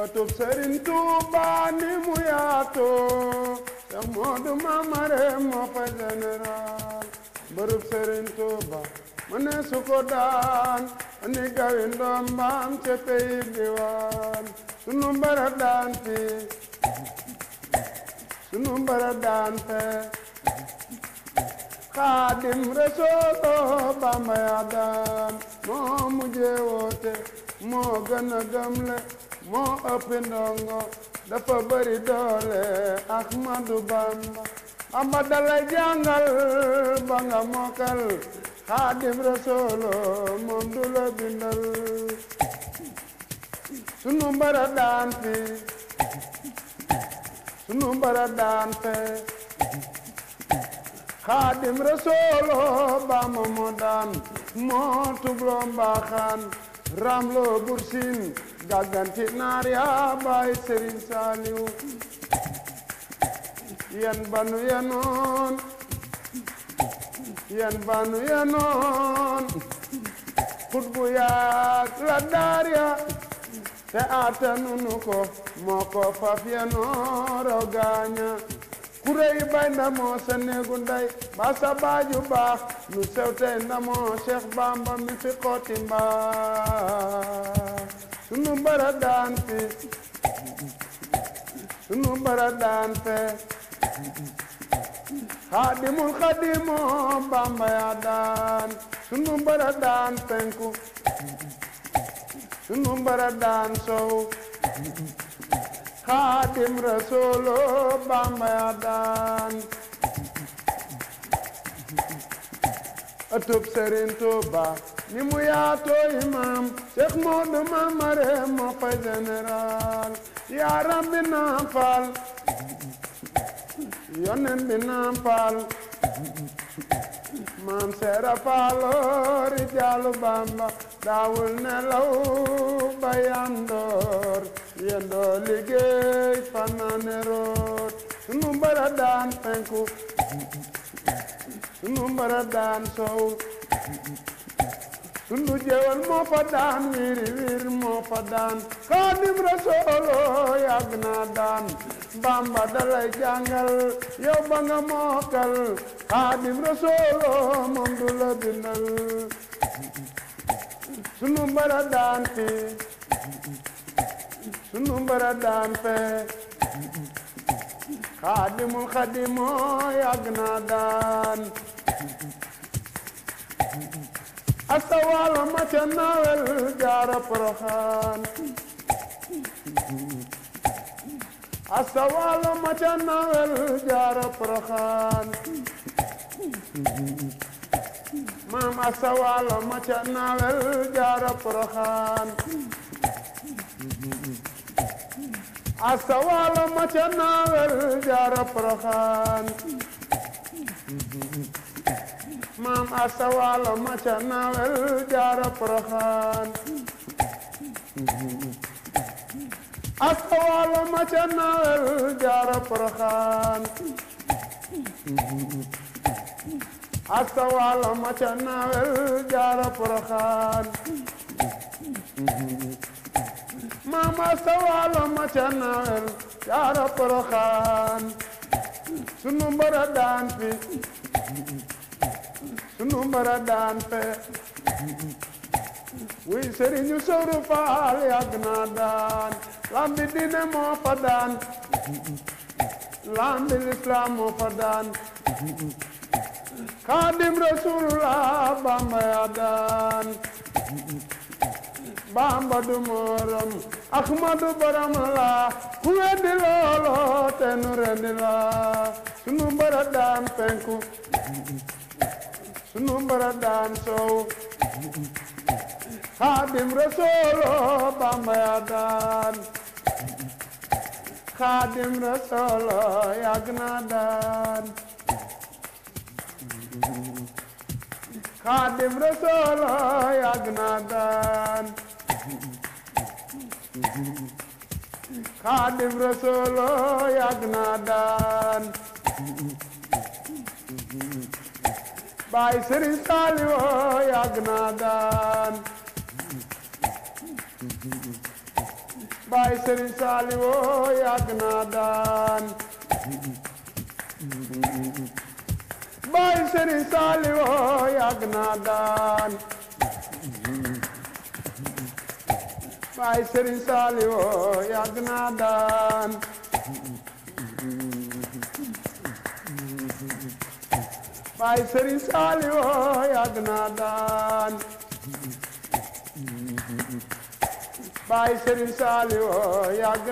ëttub Sëriñ Tuuba ni mu yaatoo Seex Moodu Mamare moo fa général mbërub Sëriñ Tuuba ma ne su daan ani gawi ndombaam ca pays diwaan sunu mbara sunu mbara daan fee xaadim rasoolo Bamba yaa daan moo mujjee woote moo gën a gëmle moo ëpp ndongo dafa bëri doole Ahmadu Bamba amba dalay jàngal ba nga mokkal Xaadim Rasool moom du la bindal sunu mbara daan fi sunu mbara daan fe Xaadim Rasool ba mo mo daan moo tubloo mbaaxaan ramlo bursin gàgganti naar yaa baay Serigne Saliou yan banu yanoon yan banu yanoon xutbu yaa la daar ya te aata nunu moo ko faf yanoon raw gaaña ku rëy bay ndamoo sa néegu ndey ba sa baaju baax lu sew tey ndamoo Cheikh Bamba mi fi xooti mbaax sunu mbara daan fi sunu mbara daan fe xaadimul xaadimoo Bamba yaa daan sunu mbara daan penku sunu mbara daan sow xaadim rasuulu bamba ya daan atub sëriñ tuuba ni mu yaatoo imam cheikh moodu mamare moo fay général yaa rabbi nampal yonen bi nampal maam seera faalo rijaalu bamba daawul nelaw ba yandoor yendoo liggéey fanaane root sunu mbara daan penku sunu mbara daan sow sunu jëwal moo daan wiiri wiir moo fa daan Xaadim Rasooloo yàgg naa daan Bamba dalay jàngal yow nga mookal Xaadim Rasooloo moom du la bindal sunu mbara daan fi sunu mbara daan fe xaadimul xaadimoo yàgg naa daan astawaalo ma ca nawel jaara poroxaan astawaalo ma ca nawel jaara poroxaan maam Assa Waalo ma ca naawel jaara Poroxaan Assa Waalo ma ca naawel jaara Poroxaan maam Assa Waalo ma ca naawel jaara Poroxaan Assa Waalo ma ca naawel jaara Poroxaan ak sa wàlla ma ca nawel jaara poroxaan mama sa wàlla ma ca nawel jaara poroxaan sunu mbara daan fi sunu mbara daan fe wuy sëriñu sëru faal yàgg naa daan lambi diine moo fa daan lambi lislaam moo fa daan Khadim Rasulullah Bamba yaa Bamba du morom Ahmadu baram la ku weddi loolo te nu reddi la sunu bara daan penku sunu bara daan sow Khadim Rasulullah Bamba yaa daan Khadim Rasulullah yàgg naa xaadim rasul yàgg naa baay Serigne Saliou oh, yàgg naa daan baay Serigne Saliou yàgg naa daan baay Serigne Saliou yàgg